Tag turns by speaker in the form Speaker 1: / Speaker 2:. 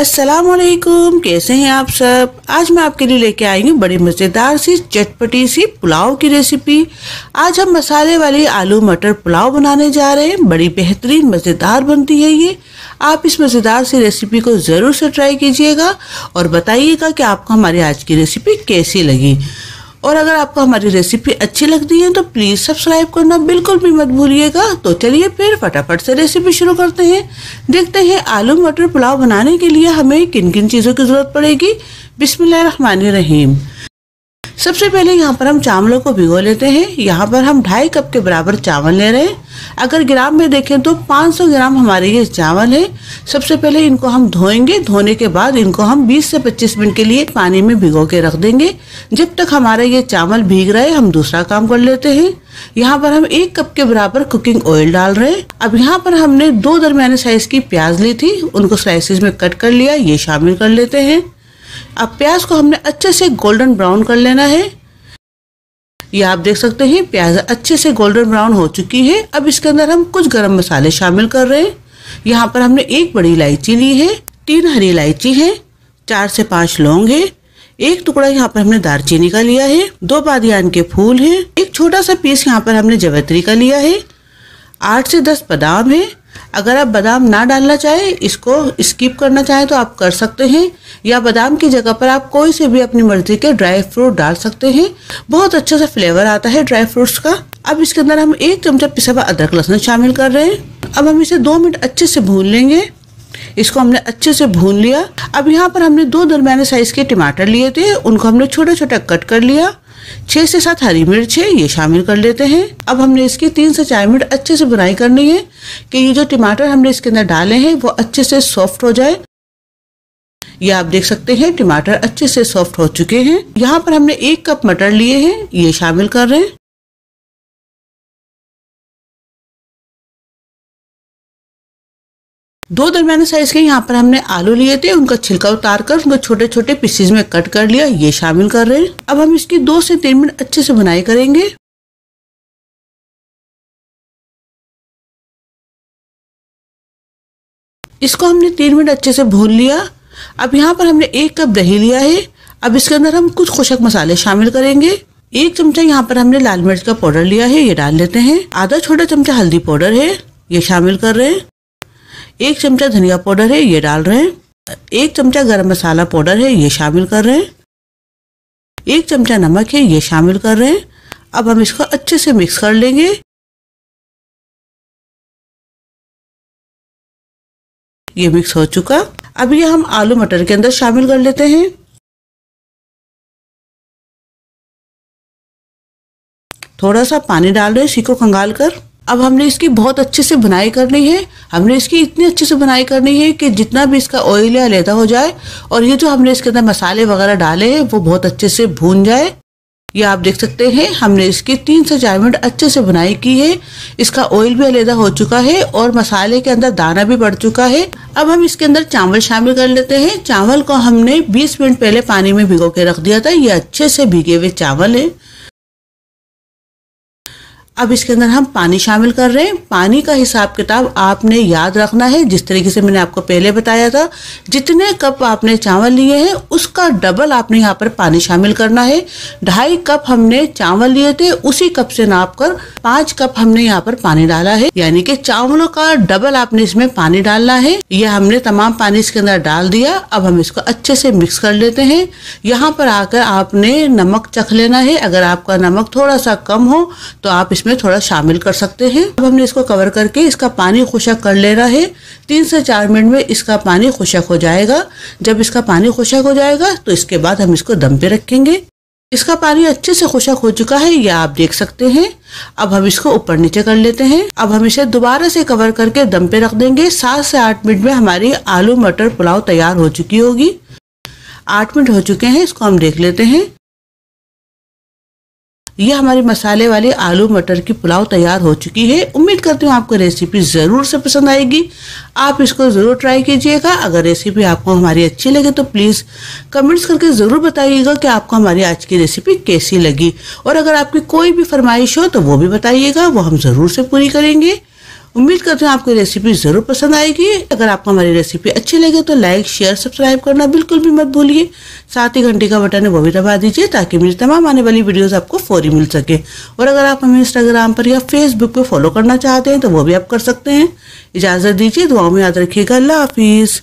Speaker 1: अस्सलाम वालेकुम कैसे हैं आप सब आज मैं आपके लिए लेके आई हूँ बड़ी मज़ेदार सी चटपटी सी पुलाव की रेसिपी आज हम मसाले वाले आलू मटर पुलाव बनाने जा रहे हैं बड़ी बेहतरीन मज़ेदार बनती है ये आप इस मज़ेदार सी रेसिपी को ज़रूर से ट्राई कीजिएगा और बताइएगा कि आपको हमारी आज की रेसिपी कैसी लगी और अगर आपको हमारी रेसिपी अच्छी लगती है तो प्लीज़ सब्सक्राइब करना बिल्कुल भी मत भूलिएगा तो चलिए फिर फटाफट से रेसिपी शुरू करते हैं देखते हैं आलू मटर पुलाव बनाने के लिए हमें किन किन चीज़ों की ज़रूरत पड़ेगी बिसमिल्ल रहीम सबसे पहले यहाँ पर हम चावलों को भिगो लेते हैं यहाँ पर हम ढाई कप के बराबर चावल ले रहे हैं अगर ग्राम में देखें तो 500 ग्राम हमारे ये चावल है सबसे पहले इनको हम धोएंगे धोने के बाद इनको हम 20 से 25 मिनट के लिए पानी में भिगो के रख देंगे जब तक हमारे ये चावल भीग रहे हम दूसरा काम कर लेते हैं यहाँ पर हम एक कप के बराबर कुकिंग ऑयल डाल रहे हैं अब यहाँ पर हमने दो दरमियाने साइज की प्याज ली थी उनको स्लाइसिस में कट कर लिया ये शामिल कर लेते हैं अब प्याज को हमने अच्छे से गोल्डन ब्राउन कर लेना है यह आप देख सकते हैं प्याज अच्छे से गोल्डन ब्राउन हो चुकी है अब इसके अंदर हम कुछ गरम मसाले शामिल कर रहे हैं यहाँ पर हमने एक बड़ी इलायची ली है तीन हरी इलायची है चार से पांच लौंग है एक टुकड़ा यहाँ पर हमने दारचीनी का लिया है दो बादियान के फूल है एक छोटा सा पीस यहाँ पर हमने जवैत्री का लिया है आठ से दस बादाम है अगर आप बादाम ना डालना चाहें इसको स्किप करना चाहें तो आप कर सकते हैं या बादाम की जगह पर आप कोई से भी अपनी मर्जी के ड्राई फ्रूट डाल सकते हैं बहुत अच्छा सा फ्लेवर आता है ड्राई फ्रूट्स का अब इसके अंदर हम एक चमचा पिसा हुआ अदरक लहसुन शामिल कर रहे हैं अब हम इसे दो मिनट अच्छे से भून लेंगे इसको हमने अच्छे से भून लिया अब यहाँ पर हमने दो दरमियाने साइज के टमाटर लिए थे उनको हमने छोटा छोटा कट कर लिया छह से सात हरी मिर्च है ये शामिल कर लेते हैं अब हमने इसकी तीन से चार मिनट अच्छे से बुनाई करनी है कि ये जो टमाटर हमने इसके अंदर डाले हैं वो अच्छे से सॉफ्ट हो जाए ये आप देख सकते हैं टमाटर अच्छे से सॉफ्ट हो चुके हैं यहाँ पर हमने एक कप मटर लिए हैं ये शामिल कर रहे हैं दो दरमियाने साइज के यहाँ पर हमने आलू लिए थे उनका छिलका उतार कर उनको छोटे छोटे पीसीज में कट कर लिया ये शामिल कर रहे हैं अब हम इसकी दो से तीन मिनट अच्छे से बुनाई करेंगे इसको हमने तीन मिनट अच्छे से भून लिया अब यहाँ पर हमने एक कप दही लिया है अब इसके अंदर हम कुछ खुशक मसाले शामिल करेंगे एक चमचा यहाँ पर हमने लाल मिर्च का पाउडर लिया है ये डाल लेते हैं आधा छोटा चमचा हल्दी पाउडर है ये शामिल कर रहे हैं एक चमचा धनिया पाउडर है ये डाल रहे हैं एक चमचा गरम मसाला पाउडर है ये शामिल कर रहे हैं एक चमचा नमक है ये शामिल कर रहे हैं अब हम इसको अच्छे से मिक्स कर लेंगे ये मिक्स हो चुका अब ये हम आलू मटर के अंदर शामिल कर लेते हैं थोड़ा सा पानी डाल रहे हैं सीको खंगाल कर अब हमने इसकी बहुत अच्छे से बनाई करनी है हमने इसकी इतनी अच्छे से बनाई करनी है कि जितना भी इसका ऑयल या लेदा हो जाए और ये जो हमने इसके अंदर मसाले वगैरह डाले हैं वो बहुत अच्छे से भून जाए ये आप देख सकते हैं हमने इसकी तीन से चार मिनट अच्छे से बुनाई की है इसका ऑयल भी अलहदा हो चुका है और मसाले के अंदर दाना भी बढ़ चुका है अब हम इसके अंदर चावल शामिल कर लेते हैं चावल को हमने 20 मिनट पहले पानी में भिगो के रख दिया था ये अच्छे से भीगे हुए चावल है अब इसके अंदर हम पानी शामिल कर रहे हैं पानी का हिसाब किताब आपने याद रखना है जिस तरीके से मैंने आपको पहले बताया था जितने कप आपने चावल लिए हैं उसका डबल आपने यहाँ पर पानी शामिल करना है ढाई कप हमने चावल लिए थे उसी कप से नाप कर पाँच कप हमने यहाँ पर पानी डाला है यानी कि चावलों का डबल आपने इसमें पानी डालना है यह हमने तमाम पानी इसके अंदर डाल दिया अब हम इसको अच्छे से मिक्स कर लेते हैं यहाँ पर आकर आपने नमक चख लेना है अगर आपका नमक थोड़ा सा कम हो तो आप इस इसमें थोड़ा शामिल कर सकते हैं अब हमने इसको कवर करके इसका पानी खुशक कर ले रहा है तीन से चार मिनट में इसका पानी खुशक हो जाएगा जब इसका पानी खुशक हो जाएगा तो इसके बाद हम इसको दम पे रखेंगे इसका पानी अच्छे से खुशक हो चुका है यह आप देख सकते हैं अब हम इसको ऊपर नीचे कर लेते हैं अब हम इसे दोबारा से कवर करके दम पे रख देंगे सात से आठ मिनट में हमारी आलू मटर पुलाव तैयार हो चुकी होगी आठ मिनट हो चुके हैं इसको हम देख लेते हैं ये हमारे मसाले वाले आलू मटर की पुलाव तैयार हो चुकी है उम्मीद करती हूँ आपको रेसिपी ज़रूर से पसंद आएगी आप इसको ज़रूर ट्राई कीजिएगा अगर रेसिपी आपको हमारी अच्छी लगे तो प्लीज़ कमेंट्स करके ज़रूर बताइएगा कि आपको हमारी आज की रेसिपी कैसी लगी और अगर आपकी कोई भी फरमाइश हो तो वो भी बताइएगा वो हम ज़रूर से पूरी करेंगे उम्मीद करते हैं आपको रेसिपी जरूर पसंद आएगी अगर आपको हमारी रेसिपी अच्छी लगे तो लाइक शेयर सब्सक्राइब करना बिल्कुल भी मत भूलिए साथ ही घंटे का बटन है वो भी दबा दीजिए ताकि मेरी तमाम आने वाली वीडियोस आपको फौरी मिल सके और अगर आप हमें इंस्टाग्राम पर या फेसबुक पर फॉलो करना चाहते हैं तो वो भी आप कर सकते हैं इजाज़त दीजिए दुआ में याद रखिएगा अल्लाह हाफिज़